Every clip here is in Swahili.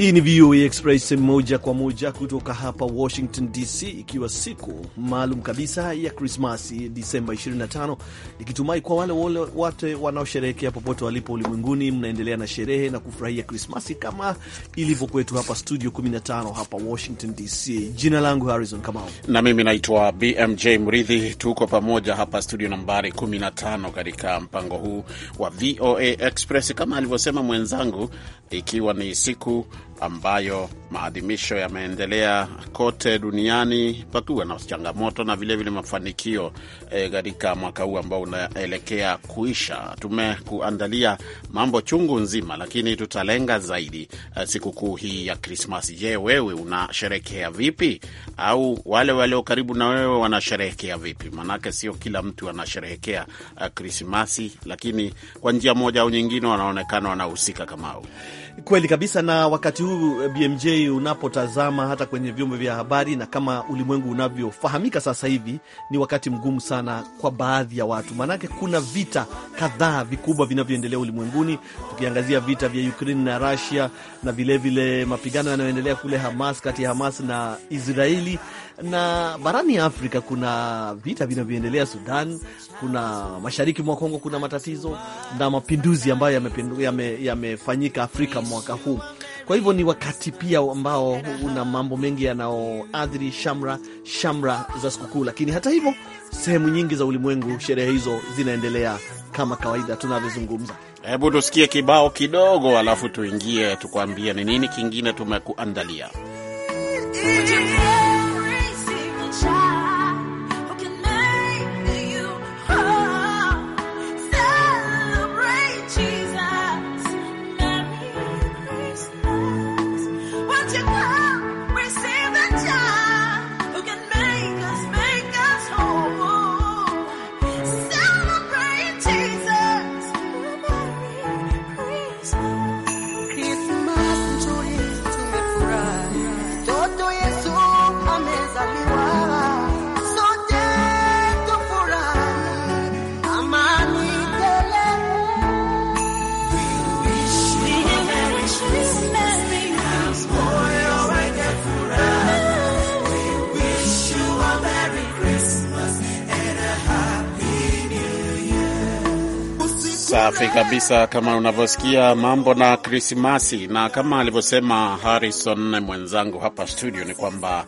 Hii ni VOA Express moja kwa moja kutoka hapa Washington DC, ikiwa siku maalum kabisa ya Krismasi Disemba 25, nikitumai kwa wale wote wanaosherehekea popote walipo ulimwenguni, mnaendelea na sherehe na kufurahia Krismasi kama ilivyo kwetu hapa studio 15 hapa Washington DC. Jina langu Harrison Kamau na mimi naitwa BMJ Mridhi. Tuko pamoja hapa studio nambari 15 katika mpango huu wa VOA Express, kama alivyosema mwenzangu, ikiwa ni siku ambayo maadhimisho yameendelea kote duniani pakiwa na changamoto na vilevile mafanikio eh, katika e, mwaka huu ambao unaelekea kuisha. Tumekuandalia mambo chungu nzima, lakini tutalenga zaidi e, sikukuu hii ya Krismasi. Je, wewe unasherekea vipi? Au wale walio karibu na wewe wanasherehekea vipi? Maanake sio kila mtu anasherehekea Krismasi, eh, lakini kwa njia moja au nyingine wanaonekana wanahusika kamao Kweli kabisa. Na wakati huu eh, BMJ, unapotazama hata kwenye vyombo vya habari na kama ulimwengu unavyofahamika sasa hivi, ni wakati mgumu sana kwa baadhi ya watu, maanake kuna vita kadhaa vikubwa vinavyoendelea ulimwenguni, tukiangazia vita vya Ukraine na Russia na vilevile mapigano yanayoendelea kule Hamas, kati ya Hamas na Israeli na barani ya Afrika kuna vita vinavyoendelea Sudan, kuna mashariki mwa Kongo kuna matatizo na mapinduzi ambayo yamefanyika yame Afrika mwaka huu. Kwa hivyo ni wakati pia ambao una mambo mengi yanayoathiri shamra shamra za sikukuu, lakini hata hivyo, sehemu nyingi za ulimwengu sherehe hizo zinaendelea kama kawaida tunavyozungumza. Hebu tusikie kibao kidogo, alafu tuingie tukuambie ni nini kingine tumekuandalia. Safi kabisa, kama unavyosikia mambo na Krismasi, na kama alivyosema Harrison mwenzangu hapa studio ni kwamba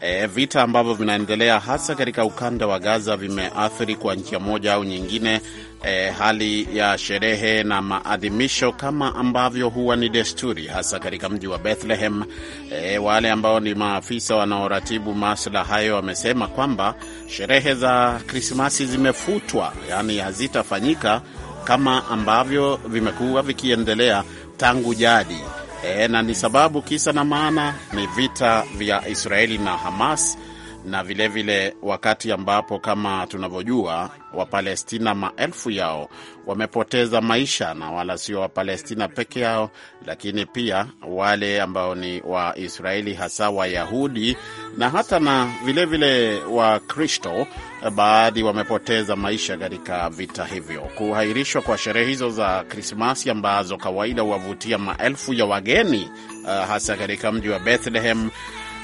e, vita ambavyo vinaendelea hasa katika ukanda wa Gaza vimeathiri kwa njia moja au nyingine e, hali ya sherehe na maadhimisho kama ambavyo huwa ni desturi, hasa katika mji wa Bethlehem. E, wale ambao ni maafisa wanaoratibu masuala hayo wamesema kwamba sherehe za Krismasi zimefutwa, yaani hazitafanyika kama ambavyo vimekuwa vikiendelea tangu jadi. E, na ni sababu kisa na maana ni vita vya Israeli na Hamas na vilevile vile wakati ambapo kama tunavyojua Wapalestina maelfu yao wamepoteza maisha, na wala sio Wapalestina peke yao, lakini pia wale ambao ni Waisraeli hasa Wayahudi na hata na vilevile Wakristo baadhi wamepoteza maisha katika vita hivyo. Kuhairishwa kwa sherehe hizo za Krismasi ambazo kawaida huwavutia maelfu ya wageni uh, hasa katika mji wa Bethlehem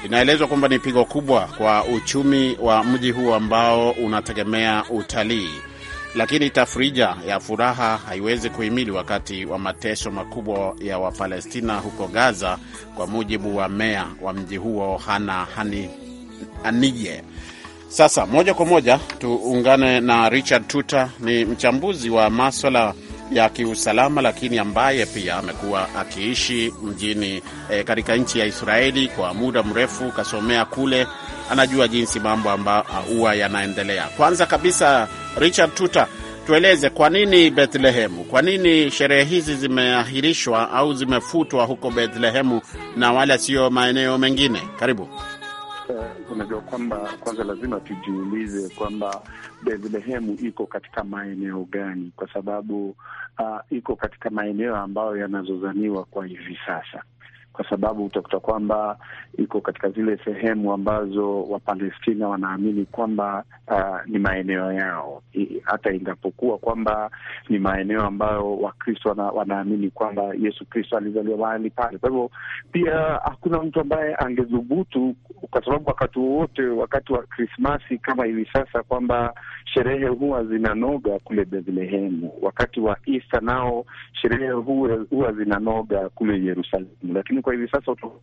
inaelezwa kwamba ni pigo kubwa kwa uchumi wa mji huo ambao unategemea utalii. Lakini tafrija ya furaha haiwezi kuhimili wakati wa mateso makubwa ya Wapalestina huko Gaza, kwa mujibu wa meya wa mji huo Hana Hani Anije. Sasa moja kwa moja tuungane na Richard Tuta, ni mchambuzi wa maswala ya kiusalama lakini ambaye pia amekuwa akiishi mjini e, katika nchi ya Israeli kwa muda mrefu, kasomea kule, anajua jinsi mambo ambayo ah, huwa yanaendelea. Kwanza kabisa, Richard Tuta, tueleze kwa nini Bethlehemu, kwa nini sherehe hizi zimeahirishwa au zimefutwa huko Bethlehemu na wala sio maeneo mengine? Karibu. Sasa eh, unajua kwamba kwanza lazima tujiulize kwamba Bethlehemu iko katika maeneo gani, kwa sababu uh, iko katika maeneo ambayo yanazozaniwa kwa hivi sasa kwa sababu utakuta kwamba iko katika zile sehemu ambazo Wapalestina wanaamini kwamba uh, ni maeneo yao, hata ingapokuwa kwamba ni maeneo ambayo Wakristo wana, wanaamini kwamba Yesu Kristo alizaliwa mahali pale. Kwa hivyo pia hakuna mtu ambaye angethubutu, kwa sababu wakati wowote, wakati wa Krismasi kama hivi sasa, kwamba sherehe huwa zinanoga kule Bethlehemu, wakati wa Easter nao sherehe huwa zinanoga kule Yerusalemu, lakini kwa hivi sasa uto,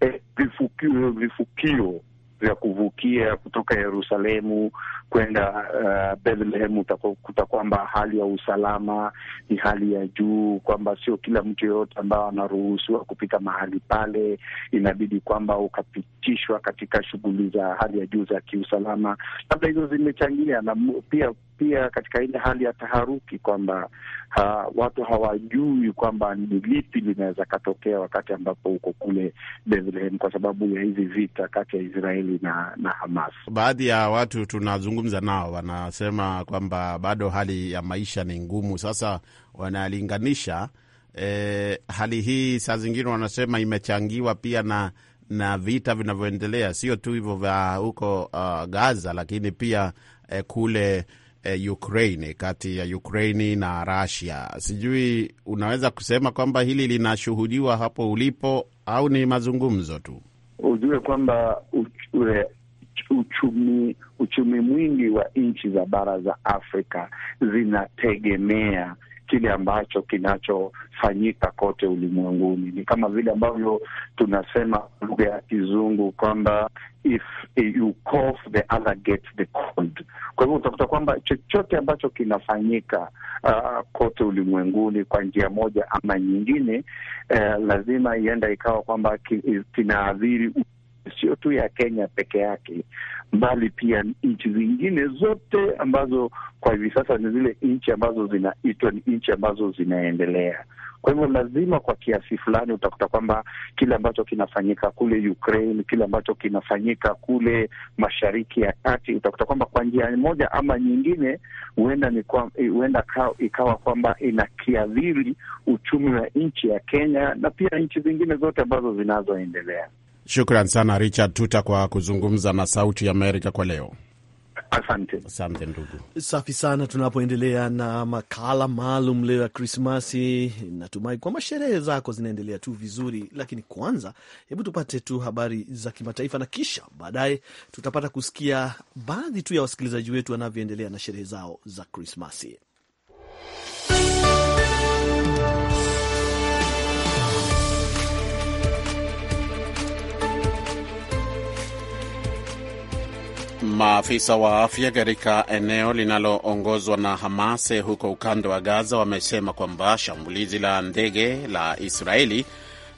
eh, vifukio, vifukio vya kuvukia kutoka Yerusalemu kwenda uh, eh, Bethlehemu, utakuta kwamba hali ya usalama ni hali ya juu, kwamba sio kila mtu yeyote ambayo anaruhusiwa kupita mahali pale. Inabidi kwamba ukapitishwa katika shughuli za hali ya juu za kiusalama, labda hizo zimechangia na pia pia katika ile hali ya taharuki kwamba ha, watu hawajui kwamba ni lipi linaweza katokea wakati ambapo uko kule Bethlehem kwa sababu ya hizi vita kati ya Israeli na, na Hamas. Baadhi ya watu tunazungumza nao wanasema kwamba bado hali ya maisha ni ngumu. Sasa wanalinganisha eh, hali hii saa zingine wanasema imechangiwa pia na na vita vinavyoendelea, sio tu hivyo vya huko uh, Gaza, lakini pia eh, kule eh, Ukraini, kati ya Ukraini na Rasia. Sijui unaweza kusema kwamba hili linashuhudiwa hapo ulipo au ni mazungumzo tu? Ujue kwamba uchumi uchumi mwingi wa nchi za bara za Afrika zinategemea kile ambacho kinachofanyika kote ulimwenguni. Ni kama vile ambavyo tunasema lugha ya Kizungu kwamba if you cough the other gets the cold. Kwa hivyo utakuta kwamba chochote ambacho kinafanyika uh, kote ulimwenguni kwa njia moja ama nyingine, uh, lazima ienda ikawa kwamba kinaadhiri sio tu ya Kenya peke yake, bali pia nchi zingine zote ambazo kwa hivi sasa ni zile nchi ambazo zinaitwa ni nchi ambazo zinaendelea. Kwa hivyo lazima kwa kiasi fulani utakuta kwamba kile ambacho kinafanyika kule Ukraine, kile ambacho kinafanyika kule Mashariki ya Kati, utakuta kwamba kwa njia moja ama nyingine, huenda ni kwa, huenda ikawa kwamba inakiadhiri uchumi wa nchi ya Kenya na pia nchi zingine zote ambazo zinazoendelea. Shukran sana Richard Tuta kwa kuzungumza na Sauti Amerika kwa leo. asante ndugu. Safi sana. Tunapoendelea na makala maalum leo ya Krismasi, natumai kwamba sherehe zako zinaendelea tu vizuri, lakini kwanza, hebu tupate tu habari za kimataifa na kisha baadaye tutapata kusikia baadhi tu ya wasikilizaji wetu wanavyoendelea na sherehe zao za Krismasi. Maafisa wa afya katika eneo linaloongozwa na Hamas huko ukanda wa Gaza wamesema kwamba shambulizi la ndege la Israeli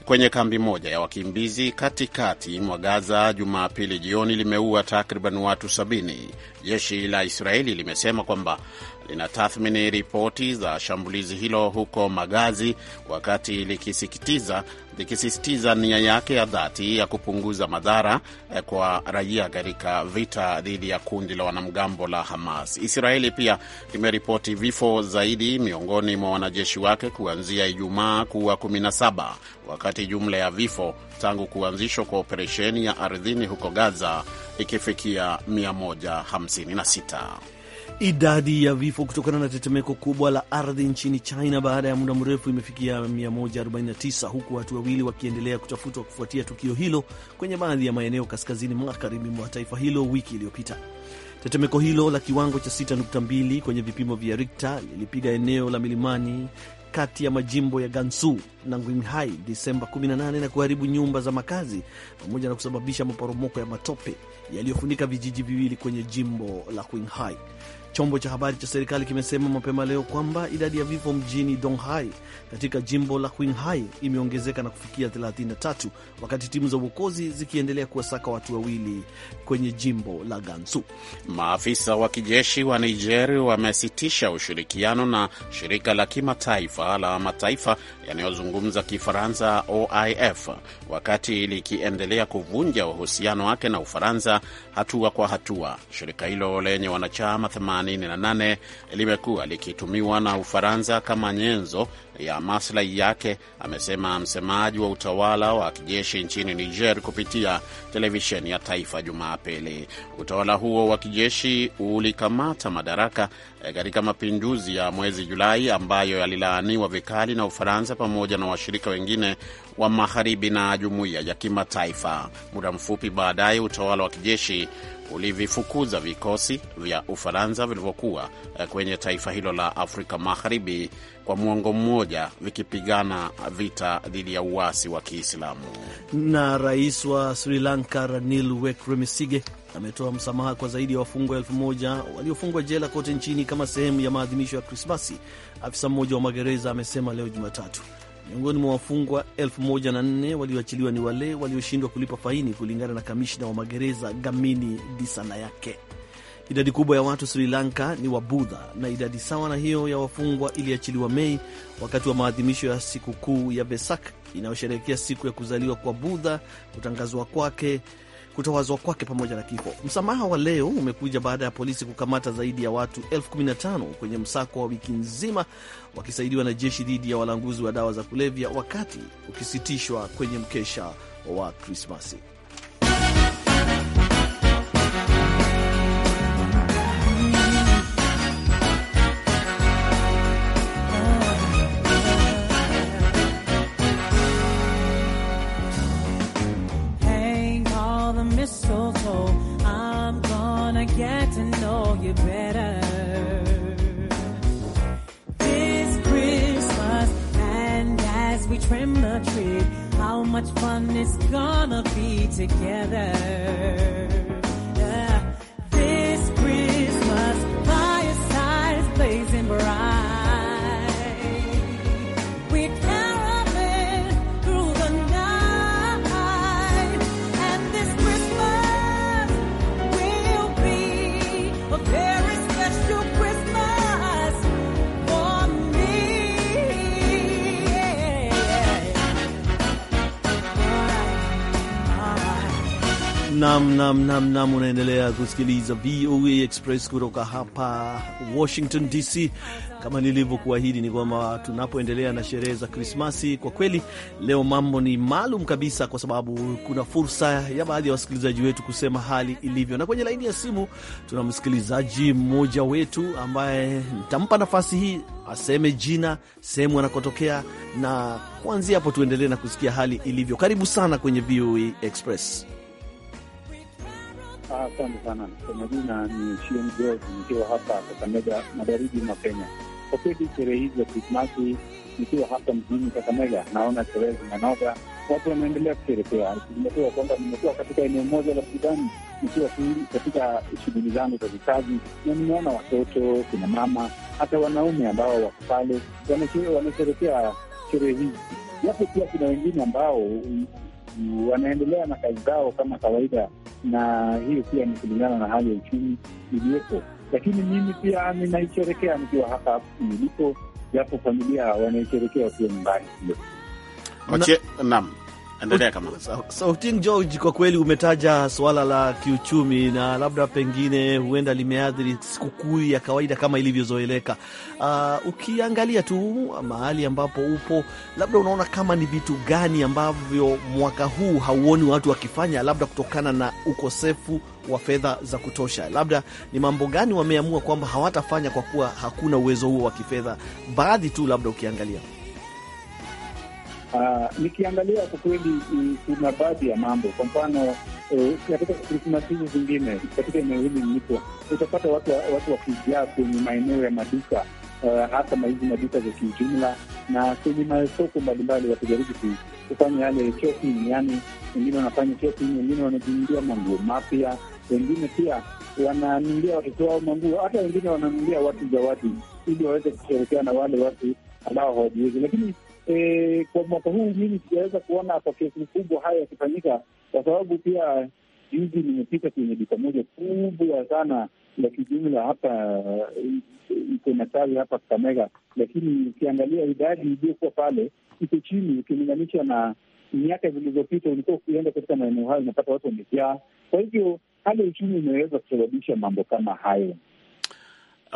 kwenye kambi moja ya wakimbizi katikati mwa Gaza Jumapili jioni limeua takriban watu 70. Jeshi la Israeli limesema kwamba linatathmini ripoti za shambulizi hilo huko Magazi, wakati likisisitiza likisisitiza nia yake ya dhati ya kupunguza madhara eh, kwa raia katika vita dhidi ya kundi la wanamgambo la Hamas. Israeli pia limeripoti vifo zaidi miongoni mwa wanajeshi wake kuanzia Ijumaa kuwa 17 wakati jumla ya vifo tangu kuanzishwa kwa operesheni ya ardhini huko Gaza ikifikia 156. Idadi ya vifo kutokana na tetemeko kubwa la ardhi nchini China baada ya muda mrefu imefikia 149 huku watu wawili wakiendelea kutafutwa kufuatia tukio hilo kwenye baadhi ya maeneo kaskazini magharibi mwa taifa hilo wiki iliyopita. Tetemeko hilo la kiwango cha 6.2 kwenye vipimo vya rikta lilipiga eneo la milimani kati ya majimbo ya Gansu na Qinghai Disemba 18 na kuharibu nyumba za makazi pamoja na kusababisha maporomoko ya matope yaliyofunika vijiji viwili kwenye jimbo la Qinghai. Chombo cha habari cha serikali kimesema mapema leo kwamba idadi ya vifo mjini Donghai katika jimbo la Qinghai imeongezeka na kufikia 33 wakati timu za uokozi zikiendelea kuwasaka watu wawili kwenye jimbo la Gansu. Maafisa wa kijeshi wa Niger wamesitisha ushirikiano na shirika la kimataifa la mataifa yanayozungumza Kifaransa, OIF, wakati likiendelea kuvunja uhusiano wake na Ufaransa hatua kwa hatua. Shirika hilo lenye wanachama 88 limekuwa likitumiwa na Ufaransa kama nyenzo ya maslahi yake, amesema msemaji wa utawala wa kijeshi nchini Niger kupitia televisheni ya taifa Jumapili. Utawala huo wa kijeshi ulikamata madaraka eh, katika mapinduzi ya mwezi Julai ambayo yalilaaniwa vikali na Ufaransa pamoja na washirika wengine wa Magharibi na jumuiya ya kimataifa. Muda mfupi baadaye, utawala wa kijeshi ulivifukuza vikosi vya Ufaransa vilivyokuwa eh, kwenye taifa hilo la Afrika Magharibi kwa mwongo mmoja vikipigana vita dhidi ya uasi wa Kiislamu. Na rais wa Sri Lanka Ranil Wickremesinghe ametoa msamaha kwa zaidi ya wafungwa elfu moja waliofungwa jela kote nchini kama sehemu ya maadhimisho ya Krismasi. Afisa mmoja wa magereza amesema leo Jumatatu. Miongoni mwa wafungwa 14 walioachiliwa ni wale walioshindwa kulipa faini, kulingana na kamishna wa magereza Gamini disana yake Idadi kubwa ya watu Sri Lanka ni Wabudha na idadi sawa na hiyo ya wafungwa iliachiliwa Mei wakati wa maadhimisho ya sikukuu ya Vesak inayosherehekea siku ya kuzaliwa kwa Budha, kutangazwa kwake kutowazwa kwake pamoja na kifo. Msamaha wa leo umekuja baada ya polisi kukamata zaidi ya watu elfu 15 kwenye msako wa wiki nzima wakisaidiwa na jeshi dhidi ya walanguzi wa dawa za kulevya, wakati ukisitishwa kwenye mkesha wa Krismasi. treat. How much fun it's gonna be together. Nam, nam, nam, nam, unaendelea kusikiliza VOA Express kutoka hapa Washington DC. Kama nilivyokuahidi ni kwamba tunapoendelea na sherehe za Krismasi, kwa kweli leo mambo ni maalum kabisa, kwa sababu kuna fursa ya baadhi ya wasikilizaji wetu kusema hali ilivyo, na kwenye laini ya simu tuna msikilizaji mmoja wetu ambaye nitampa nafasi hii aseme jina, sehemu anakotokea, na kuanzia hapo tuendelee na kusikia hali ilivyo. Karibu sana kwenye VOA Express. Asante sana kwa majina, ni Shion nikiwa hapa Kakamega, magharibi mwa Kenya. Kwa kweli sherehe hizi za Krismasi nikiwa hapa mjini Kakamega naona sherehe zimenoga, watu wanaendelea kusherekea, ikizingatiwa kwamba nimekuwa katika eneo moja la burudani nikiwa katika shughuli zangu za vikazi, na nimeona watoto, kina mama, hata wanaume ambao wako pale wanasherekea sherehe hizi. Yapo pia kuna wengine ambao wanaendelea na kazi zao kama kawaida, na hiyo pia ni kulingana na hali ya uchumi iliyopo. Lakini mimi pia ninaisherekea nikiwa hapa nilipo, japo familia wanaisherekea wakiwa nyumbani. Naam endelea kama George, kwa kweli umetaja swala la kiuchumi na labda pengine huenda limeathiri sikukuu ya kawaida kama ilivyozoeleka. Uh, ukiangalia tu mahali ambapo upo, labda unaona kama ni vitu gani ambavyo mwaka huu hauoni watu wakifanya, labda kutokana na ukosefu wa fedha za kutosha, labda ni mambo gani wameamua kwamba hawatafanya kwa kuwa hakuna uwezo huo wa kifedha, baadhi tu labda ukiangalia Ah, nikiangalia kwa kweli mm, kuna baadhi ya mambo, kwa mfano eh, katika Krismasi hizi zingine katika eneo hili nilipo, utapata watu, watu wakijaa kwenye maeneo ya maduka eh, hasa hizi maduka za kiujumla na kwenye masoko mbalimbali, wakijaribu kufanya yale shopping, yani wengine wanafanya shopping, wengine wanajinunulia manguo mapya, wengine pia wananunulia watoto wao manguo, hata wengine wananunulia watu zawadi ili waweze kusherekea na wale watu ambao hawajiwezi, lakini e, kwa mwaka huu mimi sijaweza kuona kwa kiasi kikubwa haya yakifanyika, kwa sababu pia juzi nimepita kwenye duka moja kubwa sana la kijumla hapa iko na tawi hapa Kakamega, lakini ukiangalia idadi iliyokuwa pale iko chini ukilinganisha na miaka zilizopita. Ulikuwa ukienda katika maeneo hayo unapata watu wamejaa. Kwa hivyo hali ya uchumi imeweza kusababisha mambo kama hayo.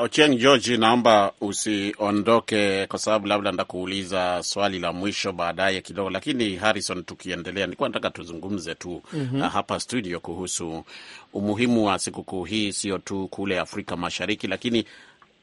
Ochieng George, naomba usiondoke kwa sababu labda ndakuuliza swali la mwisho baadaye kidogo, lakini Harrison, tukiendelea, nilikuwa nataka tuzungumze tu mm -hmm. hapa studio kuhusu umuhimu wa sikukuu hii, sio tu kule Afrika Mashariki, lakini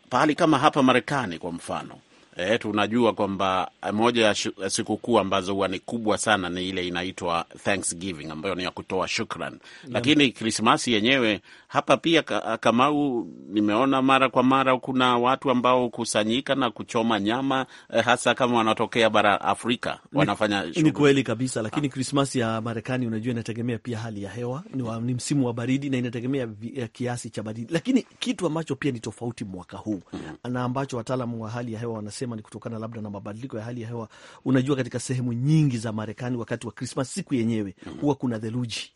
pahali kama hapa Marekani kwa mfano E, tunajua kwamba eh, moja ya eh, sikukuu ambazo huwa ni kubwa sana ni ile inaitwa Thanksgiving ambayo ni ya kutoa shukran, Lakini Krismasi yenyewe hapa pia Kamau, nimeona mara kwa mara kuna watu ambao hukusanyika na kuchoma nyama eh, hasa kama wanatokea bara Afrika wanafanya ni, Ni kweli kabisa, lakini ah. Krismasi ya Marekani unajua inategemea pia hali ya hewa ni, wa, ni msimu wa baridi na inategemea eh, kiasi cha baridi, lakini kitu ambacho pia ni tofauti mwaka huu mm -hmm. na ambacho wataalamu wa hali ya hewa wanasema ni kutokana labda na mabadiliko ya hali ya hewa. Unajua, katika sehemu nyingi za Marekani wakati wa Krismas siku yenyewe mm -hmm. huwa kuna theluji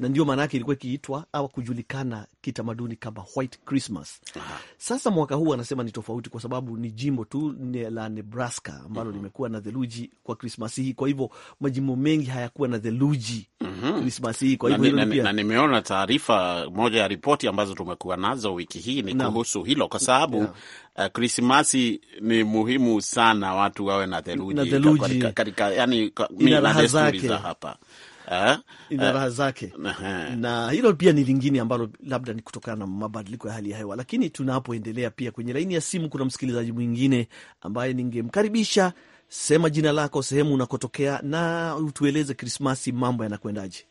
na ndio maana ilikuwa ikiitwa au kujulikana sana kitamaduni kama White Christmas. Sasa mwaka huu anasema ni tofauti kwa sababu ni jimbo tu la Nebraska ambalo mhm. limekuwa na theluji kwa Krismasi hii, kwa hivyo majimbo mengi hayakuwa na theluji Krismasi mhm. hii. Kwa hivyo na nimeona taarifa moja ya ripoti ambazo tumekuwa nazo wiki hii ni kuhusu hilo, kwa sababu Krismasi eh, ni muhimu sana watu wawe na theluji katika, yani na desturi za hapa Eh? ina eh. raha zake Aha. Eh. na hilo pia ni lingine ambalo labda ni kutokana na mabadiliko ya hali ya hewa, lakini tunapoendelea pia kwenye laini ya simu kuna msikilizaji mwingine ambaye ningemkaribisha. Sema jina lako, sehemu unakotokea na utueleze Krismasi mambo yanakwendaje?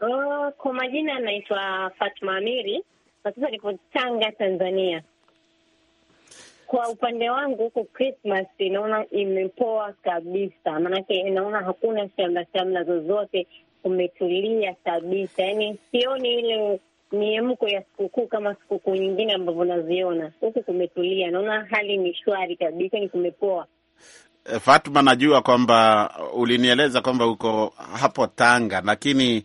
Oh, kwa majina anaitwa Fatma Amiri na sasa niko Tanga, Tanzania. Kwa upande wangu huku Christmas inaona imepoa kabisa, maanake inaona hakuna shamla shamla zozote, kumetulia kabisa. Yani sioni ile miemko ya sikukuu kama sikukuu nyingine ambavyo naziona. Huku kumetulia, naona hali ni shwari kabisa, ni kumepoa. Eh, Fatma, najua kwamba ulinieleza kwamba uko hapo Tanga, lakini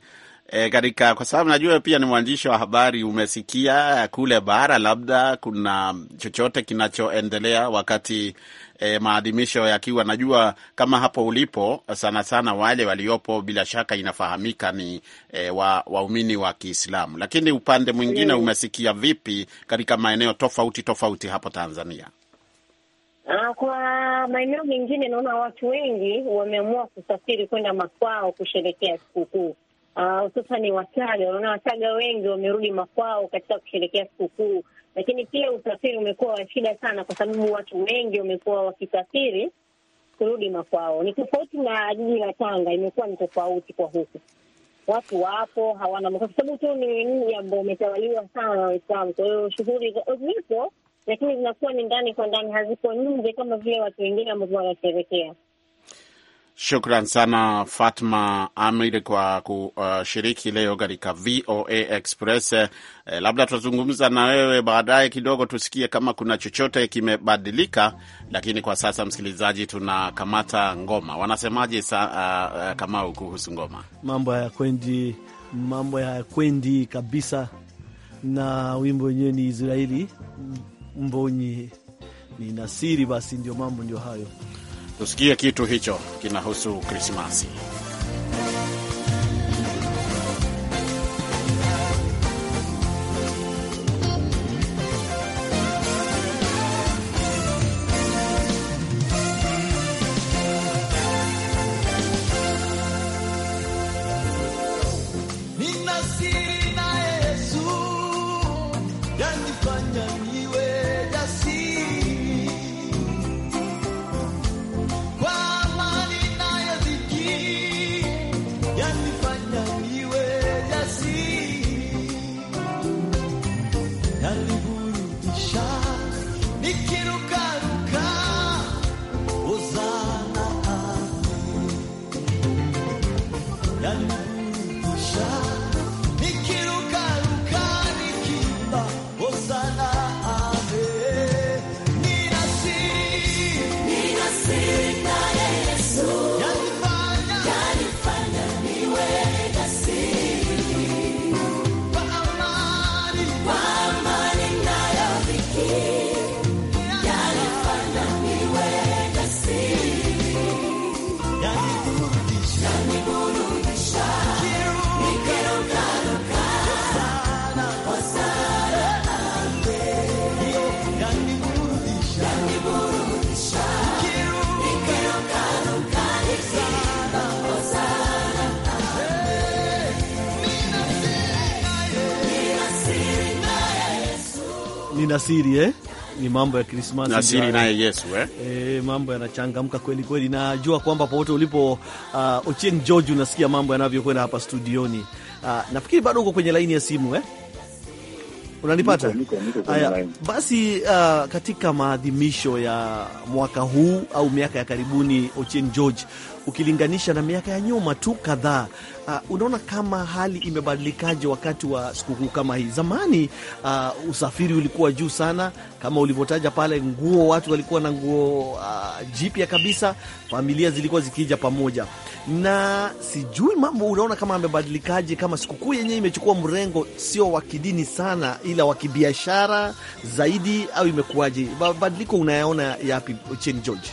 E, katika kwa sababu najua pia ni mwandishi wa habari, umesikia kule bara, labda kuna chochote kinachoendelea wakati e, maadhimisho yakiwa, najua kama hapo ulipo sana sana wale waliopo bila shaka inafahamika ni e, wa waumini wa Kiislamu, lakini upande mwingine umesikia vipi katika maeneo tofauti tofauti hapo Tanzania? Ah, kwa maeneo mengine naona watu wengi wameamua kusafiri kwenda makwao kusherehekea sikukuu hususan ah, uh, Wachaga. Unaona, Wachaga wengi wamerudi makwao katika kusherekea sikukuu, lakini pia usafiri umekuwa wa shida sana, kwa sababu watu wengi wamekuwa wakisafiri kurudi makwao. Ni tofauti na jiji la Tanga, imekuwa ni tofauti kwa huku, watu wapo hawana, kwa sababu tu ni mji ambao umetawaliwa sana na Waislamu. Kwa hiyo shughuli zipo, lakini zinakuwa ni ndani kwa ndani, haziko nje kama vile watu wengine ambavyo wanasherekea Shukran sana Fatma Amir kwa kushiriki leo katika VOA Express. Eh, labda tutazungumza na wewe baadaye kidogo, tusikie kama kuna chochote kimebadilika, lakini kwa sasa, msikilizaji, tunakamata ngoma. Wanasemaje ah, ah, Kamau kuhusu ngoma? Mambo hayakwendi, mambo hayakwendi kabisa, na wimbo wenyewe ni Israeli Mbonyi, ni Nasiri. Basi ndio mambo ndio hayo. Tusikie kitu hicho, kinahusu Krismasi. Nasiri eh? Ni mambo ya Krismasi. siri naye yaani. Yesu eh? Eh, mambo yanachangamka kweli kweli. Najua kwamba popote ulipo uh, Ochieng George unasikia mambo yanavyokwenda hapa studioni. Uh, nafikiri bado uko kwenye laini ya simu eh? Unanipata? Haya, basi uh, katika maadhimisho ya mwaka huu au miaka ya karibuni Ochieng George ukilinganisha na miaka ya nyuma tu kadhaa. Uh, unaona kama hali imebadilikaje wakati wa sikukuu kama hii? Zamani uh, usafiri ulikuwa juu sana kama ulivyotaja pale, nguo, watu walikuwa na nguo uh, jipya kabisa, familia zilikuwa zikija pamoja, na sijui mambo, unaona kama amebadilikaje, kama sikukuu yenyewe imechukua mrengo sio wa kidini sana, ila wa kibiashara zaidi, au imekuwaje? Mabadiliko unayaona yapi, Cheni George?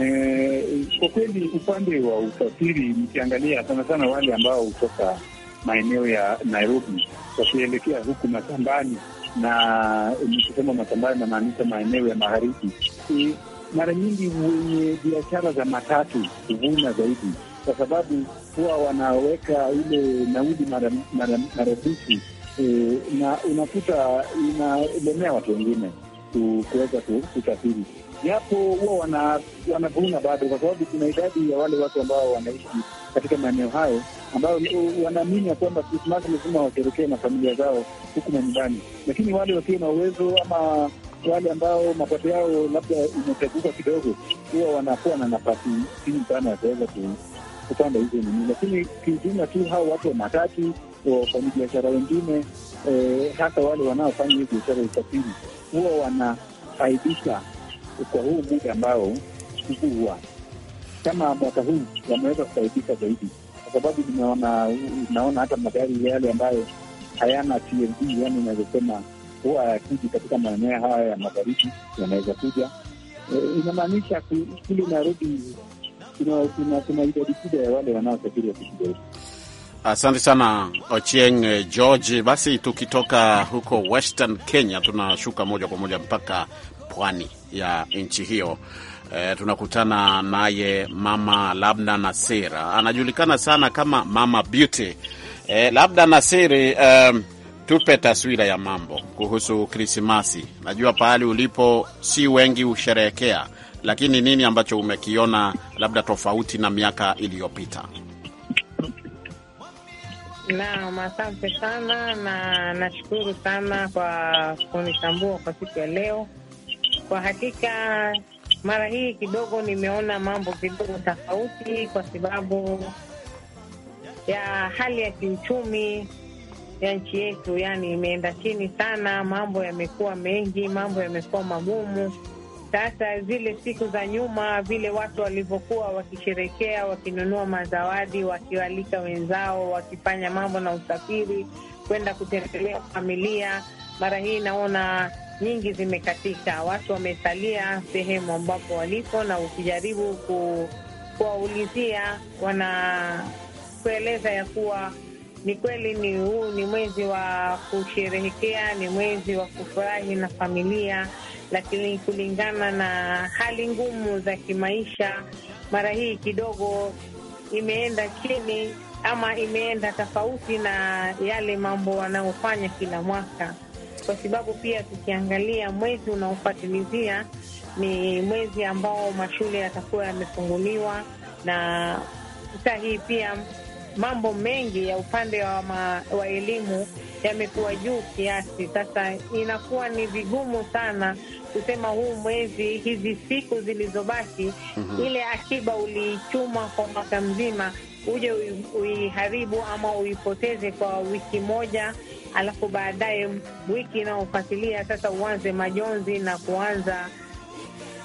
Eh, kwa kweli upande wa usafiri, nikiangalia sana sana wale ambao hutoka maeneo ya Nairobi wakielekea huku Mashambani, na nikisema Mashambani namaanisha maeneo ya magharibi, mara nyingi wenye biashara za matatu huvuna zaidi, kwa sababu huwa wanaweka ile nauli maradufu eh, na unakuta inalemea watu wengine kuweza kusafiri japo huwa wana, wanavuna bado, kwa sababu kuna idadi ya wale watu ambao wanaishi katika maeneo hayo ambayo wanaamini ya kwamba Krismasi lazima washerekee na familia zao huku manyumbani, lakini wale wasio na uwezo ama wale ambao mapato yao labda imechaguka kidogo, huwa wanakuwa na nafasi chini sana ya kuweza kupanda hizo nini, lakini kiujumla tu hao watu wa matatu, wafanyabiashara wengine, eh, hasa wale wanaofanya hii biashara ya usafiri huwa wanafaidisha kwa huu muda ambao sikukuu huwa kama mwaka huu wameweza kufaidika zaidi, kwa sababu nimeona naona hata magari yale ambayo hayana TLD, yani inavyosema huwa yakuji katika maeneo haya ya magharibi yanaweza kuja. E, inamaanisha kule Nairobi kuna idadi kubwa ya wale wanaosafiri wakijaribu. Asante sana Ochieng eh, George. Basi tukitoka huko Western Kenya tunashuka moja kwa moja mpaka pwani ya nchi hiyo. E, tunakutana naye Mama labda Nasira, anajulikana sana kama Mama Beauty. E, Labda Nasiri, e, tupe taswira ya mambo kuhusu Krismasi. Najua pahali ulipo si wengi husherehekea, lakini nini ambacho umekiona labda tofauti na miaka iliyopita? Naam, asante sana na nashukuru sana kwa kunitambua kwa siku ya leo. Kwa hakika mara hii kidogo nimeona mambo kidogo tofauti, kwa sababu ya hali ya kiuchumi ya nchi yetu, yani imeenda chini sana. Mambo yamekuwa mengi, mambo yamekuwa magumu. Sasa zile siku za nyuma, vile watu walivyokuwa wakisherekea, wakinunua mazawadi, wakiwalika wenzao, wakifanya mambo na usafiri kwenda kutembelea familia, mara hii naona nyingi zimekatika, watu wamesalia sehemu ambapo walipo, na ukijaribu ku, kuwaulizia kueleza ya kuwa ni kweli ni huu ni mwezi wa kusherehekea, ni mwezi wa kufurahi na familia, lakini kulingana na hali ngumu za kimaisha, mara hii kidogo imeenda chini ama imeenda tofauti na yale mambo wanayofanya kila mwaka kwa sababu pia tukiangalia mwezi unaofatilizia ni mwezi ambao mashule yatakuwa yamefunguliwa, na saa hii pia mambo mengi ya upande wa, ma, wa elimu yamekuwa juu kiasi. Sasa inakuwa ni vigumu sana kusema huu mwezi, hizi siku zilizobaki, mm -hmm. ile akiba uliichuma kwa mwaka mzima uje uiharibu ama uipoteze kwa wiki moja alafu baadaye wiki inayofuatilia sasa uanze majonzi na kuanza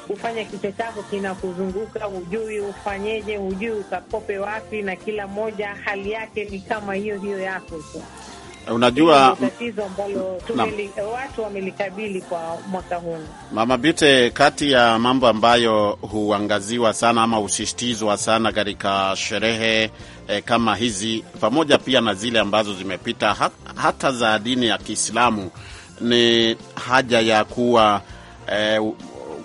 kufanya kichwa chako kinakuzunguka, hujui ufanyeje, hujui ukakope wapi, na kila moja hali yake ni kama hiyo hiyo yako tu. Unajua tatizo ambalo watu wamelikabili kwa mwaka huu. Mama Bite, kati ya mambo ambayo huangaziwa sana ama husisitizwa sana katika sherehe e, kama hizi pamoja pia na zile ambazo zimepita ha, hata za dini ya Kiislamu ni haja ya kuwa e,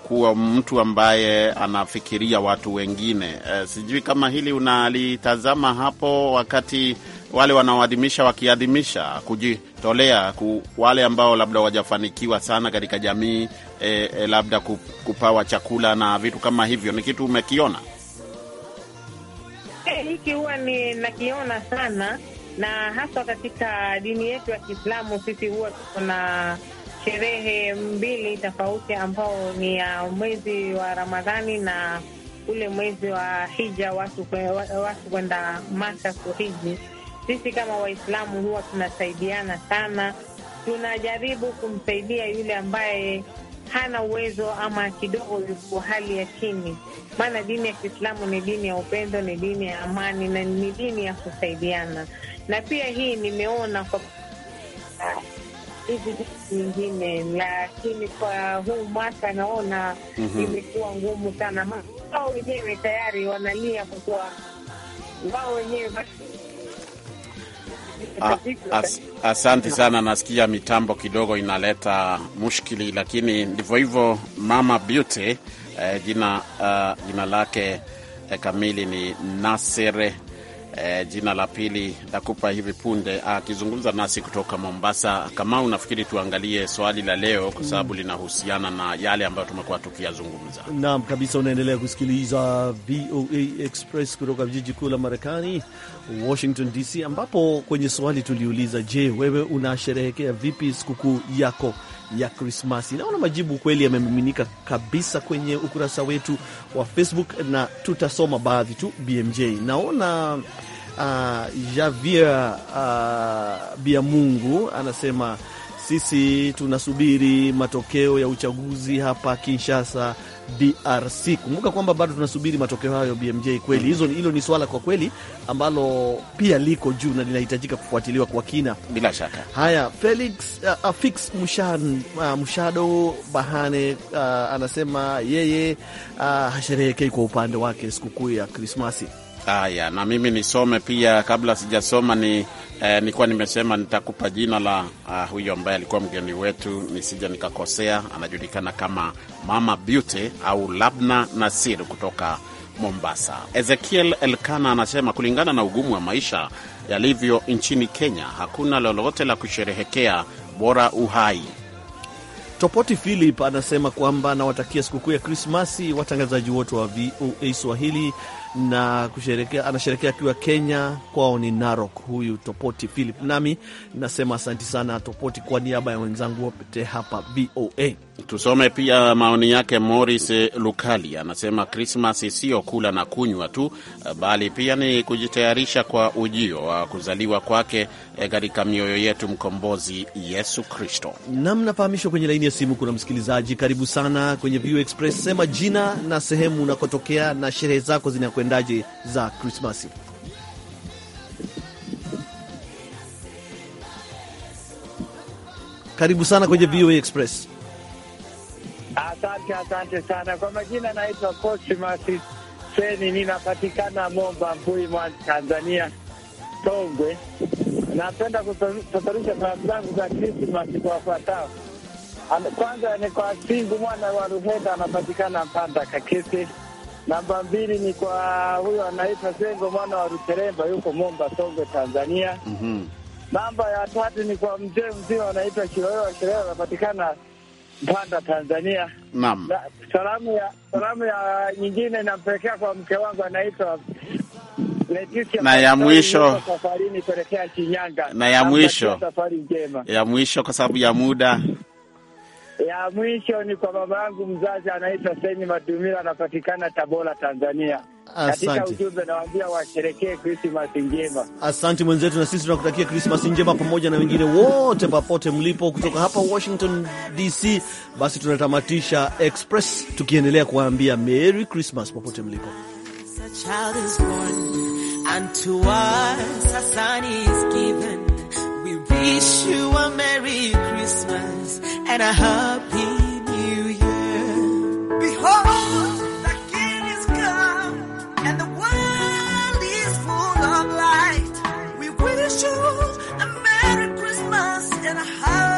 kuwa mtu ambaye anafikiria watu wengine e, sijui kama hili unalitazama hapo wakati wale wanaoadhimisha wakiadhimisha kujitolea ku, wale ambao labda wajafanikiwa sana katika jamii e, e, labda kupawa chakula na vitu kama hivyo, ni kitu umekiona eh, hiki? huwa ni nakiona sana na haswa katika dini yetu ya Kiislamu sisi huwa tuko na sherehe mbili tofauti ambao ni ya mwezi wa Ramadhani na ule mwezi wa hija, watu kwenda Maka kuhiji. Sisi kama Waislamu huwa tunasaidiana sana, tunajaribu kumsaidia yule ambaye hana uwezo ama kidogo yuko hali ya chini, maana dini ya Kiislamu ni dini ya upendo, ni dini ya amani na ni dini ya kusaidiana. Na pia hii nimeona kwa hizi dini nyingine, lakini kwa huu mwaka naona mm -hmm. imekuwa ngumu sana. Wao wenyewe tayari wanalia kwa kuwa wao wenyewe basi As, asante sana. Nasikia mitambo kidogo inaleta mushkili, lakini ndivyo hivyo. Mama Beauty eh, jina, uh, jina lake eh, kamili ni Nasere e, jina la pili takupa hivi punde ah, akizungumza nasi kutoka Mombasa. Kama unafikiri tuangalie swali la leo kwa mm. sababu mm, linahusiana na yale ambayo tumekuwa tukiyazungumza. Naam kabisa, unaendelea kusikiliza VOA Express kutoka jiji kuu la Marekani, Washington DC, ambapo kwenye swali tuliuliza, je, wewe unasherehekea vipi sikukuu yako ya Krismasi. Naona majibu kweli yamemiminika kabisa kwenye ukurasa wetu wa Facebook na tutasoma baadhi tu. BMJ naona uh, Javier uh, Biamungu anasema sisi tunasubiri matokeo ya uchaguzi hapa Kinshasa, DRC. Kumbuka kwamba bado tunasubiri matokeo hayo BMJ. Kweli hizo, hilo ni swala kwa kweli ambalo pia liko juu na linahitajika kufuatiliwa kwa kina, bila shaka. Haya, Felix uh, Afix Mushan, uh, Mushado Bahane uh, anasema yeye uh, hasherehekei kwa upande wake sikukuu ya Krismasi Haya, na mimi nisome pia, kabla sijasoma ni eh, nilikuwa nimesema nitakupa jina la ah, huyo ambaye alikuwa mgeni wetu nisija nikakosea. Anajulikana kama Mama Beauty au Labna Nasir kutoka Mombasa. Ezekiel Elkana anasema kulingana na ugumu wa maisha yalivyo nchini Kenya, hakuna lolote la kusherehekea, bora uhai. Topoti Philip anasema kwamba anawatakia sikukuu ya Krismasi watangazaji wote wa VOA Swahili na kusherekea, anasherekea akiwa Kenya, kwao ni Narok. Huyu Topoti Philip, nami nasema asanti sana Topoti kwa niaba ya wenzangu wote hapa VOA. Tusome pia maoni yake. Moris Lukali anasema Krismas siyo kula na kunywa tu, bali pia ni kujitayarisha kwa ujio wa kuzaliwa kwake eh, katika mioyo yetu mkombozi Yesu Kristo. Nam, nafahamishwa kwenye laini ya simu kuna msikilizaji. Karibu sana kwenye VOA Express, sema jina na sehemu unakotokea na sherehe zako zinakwenda kwendaje za Krismasi? Karibu sana kwenye VOA Express. Asante, asante sana kwa majina. Naitwa Cosmas Seni, ninapatikana Momba Mbui, Mwanza, Tanzania, Tongwe. Napenda kupeperusha salamu zangu za Krismasi kwa wafuatao. Kwanza ni kwa Singu mwana wa Ruhenda, anapatikana Mpanda Kakese. Namba mbili ni kwa huyo anaitwa Sengo mwana wa Ruteremba, yuko Momba, Songwe, Tanzania. mm -hmm. Namba ya tatu ni kwa mzee mzima anaitwa wa Kiloleo, anapatikana Mpanda, Tanzania. Naam. Na, salamu ya salamu ya nyingine nampelekea kwa mke wangu anaitwa na ya mwisho na ya mwisho ya mwisho, kwa sababu ya muda ya mwisho ni kwa baba yangu mzazi, anaitwa seni madumira anapatikana Tabora, Tanzania. Asante. Katika ujumbe nawaambia washerekee Krismasi njema. Asante mwenzetu, na sisi tunakutakia Krismas njema pamoja na wengine wote popote mlipo. Kutoka hapa Washington DC, basi tunatamatisha Express tukiendelea kuwaambia Merry Christmas popote mlipo. A and a happy new year. Behold, the King is come and the world is full of light. We wish you a Merry Christmas and a happy